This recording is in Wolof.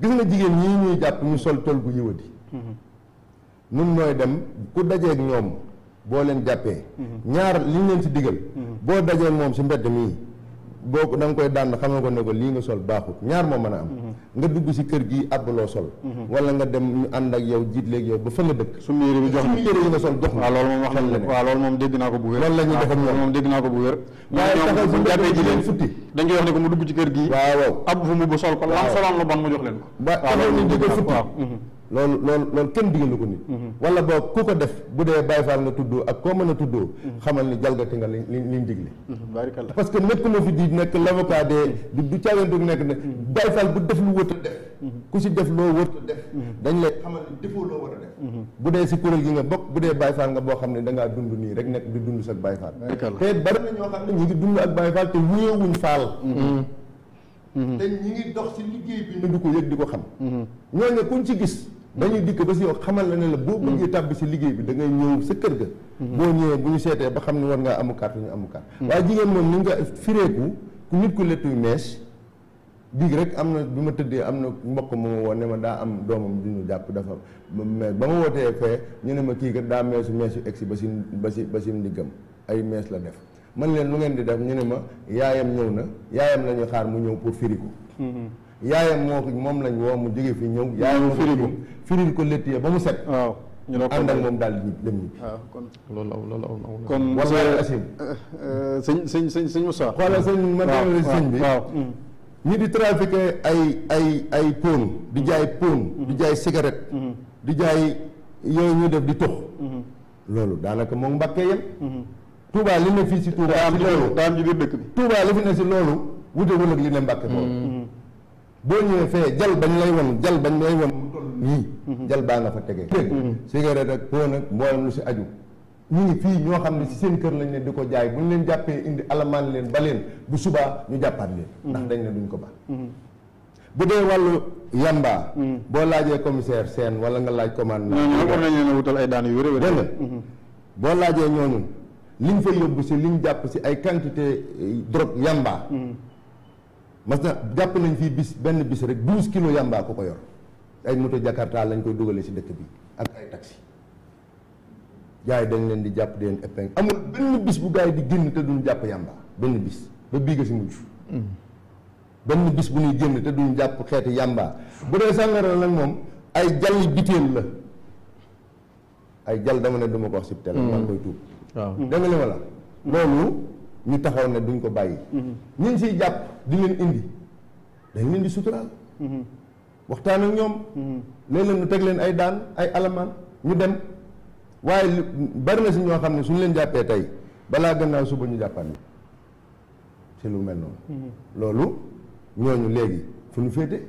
gis nga jigéen ñii ñuy jàpp ñu sol tol gu yiwadi nun nooy dem ku dajeeg ñoom boo leen jàppee mm-hmm. ñaar li leen ci digal mm-hmm. boo dajeeg moom ci mbedd mii boo ko da nga koy dànd xamal ko ne lii nga sol baaxut ñaar moo mën a am mhm. nga dugg si kër gi àbb loo sol mhm. wala nga dem ñu ànd ak yow jiit yow ba fa nga dëkk su mu yére bi jox su mu yére yi nga sol jox waaw loolu moom wax na waaw loolu moom dégg naa ko bu wér loolu la ñuy def moom moom dégg naa ko bu wér waaye taxaw bu jàppee ji leen futti dañ wax ne ko mu dugg ci kër gi waaw waaw àbb fu mu bu sol ko lam soloon lu bon mu jox leen ko waaw loolu ñu dégg futti loolu lool kenn kenn digalu ko nit mhm. wala boog ku ko def bu dee Baye Fall nga tuddoo ak koo mën a tuddoo mhm. xamal ni jalgati nga li liñ digle mhm, parce que nekk fi di nekk l'avocat de du caagantu nekk ne Baye Fall def lu wër ku si def loo wër dañ lay xamal ni bu dee si kuréel gi nga bokk bu dee Baye Fall nga boo xam ne da ngaa dund nii rek nekk di dund sa Baye Fall te bari na ñoo xam ne ñu ngi dund ak Baye Fall te wuyewuñ Fall te ñi ngi dox si liggéey bi ñu du ko yëg di ko xam ku kuñ ci gis dañuy dikk ba si yow xamal la ne la boo bëggee tàbbi si liggéey bi dangay ngay ñëw sa kër ga boo ñëwee bu ñu seetee ba xam ne war ngaa amu carte ñu amu carte mm. waaye jigéen moom ni nga fireeku ku nit ku lettuy mees dig rek am na bi ma tëddee am na mbokk mu ma ne ma daa am doomam du ñu jàpp dafa mees ba ma wootee fee ñu ne ma kii kat daa meesu meesu egsi ba si ba si ba si ndiggam ay mees la def man leen lu ngeen di def ñu ne ma yaayam ñëw na yaayam la ñu xaar mu ñëw pour firi mm-hmm. yaayam moo ko moom lañ woo mu jóge fi ñëw. yaayam firil ko firil ko létt ya ba mu set. waaw ñu doon ànd ak moom daal di dem ñibbi. waaw kon loolu aw loolu sañ na. kon walaay asim. Euh, sëñ sëñ sëñ sëñ ma demee sëñ bi waaw ñi di trafiqué ay ay ay pon di mm-hmm. jaay pon. di mm-hmm. jaay cigarette. Mm-hmm. di jaay yooyu ñu def di tux. loolu daanaka moom mbàkkee yem. Touba li ne fii si Touba. li fi ne si loolu wute wul li ne mbàkkee. boo ñëwee fee jal bañ lay won jal bañ lay won mu toll nii mm-hmm. jal baa nga fa tegee mm-hmm. dégg mm-hmm. cigarette ak poon ak mboolem lu si aju ñu ngi fii ñoo xam ne si seen kër lañ leen di ko jaay bu ñu leen jàppee indi alamaan leen ba leen bu subaa ñu jàppaat leen ndax dañ ne duñ ko baax bu dee wàllu yamba boo laajee commissaire seen wala nga laaj commande na ñoo war wutal ay daan yu wér boo laajee ñooñu liñ fa yóbbu si liñ jàpp si ay quantité eh, drogue yamba mas jàpp nañ fii bis benn bis rek douze kilos yàmbaa ko ko yor ay moto jakarta lañ koy dugalee si dëkk bi ak ay taxi jaay dañ leen di jàpp di leen épingle amul benn bis bu gars yi di génn te duñ jàpp yàmbaa benn bis ba bii nga si mujj hmm. benn bis bu ñuy génn te jàpp xeeti yàmbaa bu dee sàngara nag moom ay jal biteel la ay jal dama ne duma ko wax si hmm. koy tuub dégg nga la loolu ñu taxaw ne duñ ko bàyyi. ñu mm-hmm. ñun siy jàpp di leen indi dañ leen di suturaal. Mm-hmm. waxtaan ak ñoom. Mm-hmm. léeg-léeg ñu teg leen ay daan ay alamaan ñu dem waaye lu bari si ñoo xam ne suñ leen jàppee tey balaa gannaaw suba ñu jàppaat ñu si lu mel noonu. loolu ñooñu léegi fu ñu féete.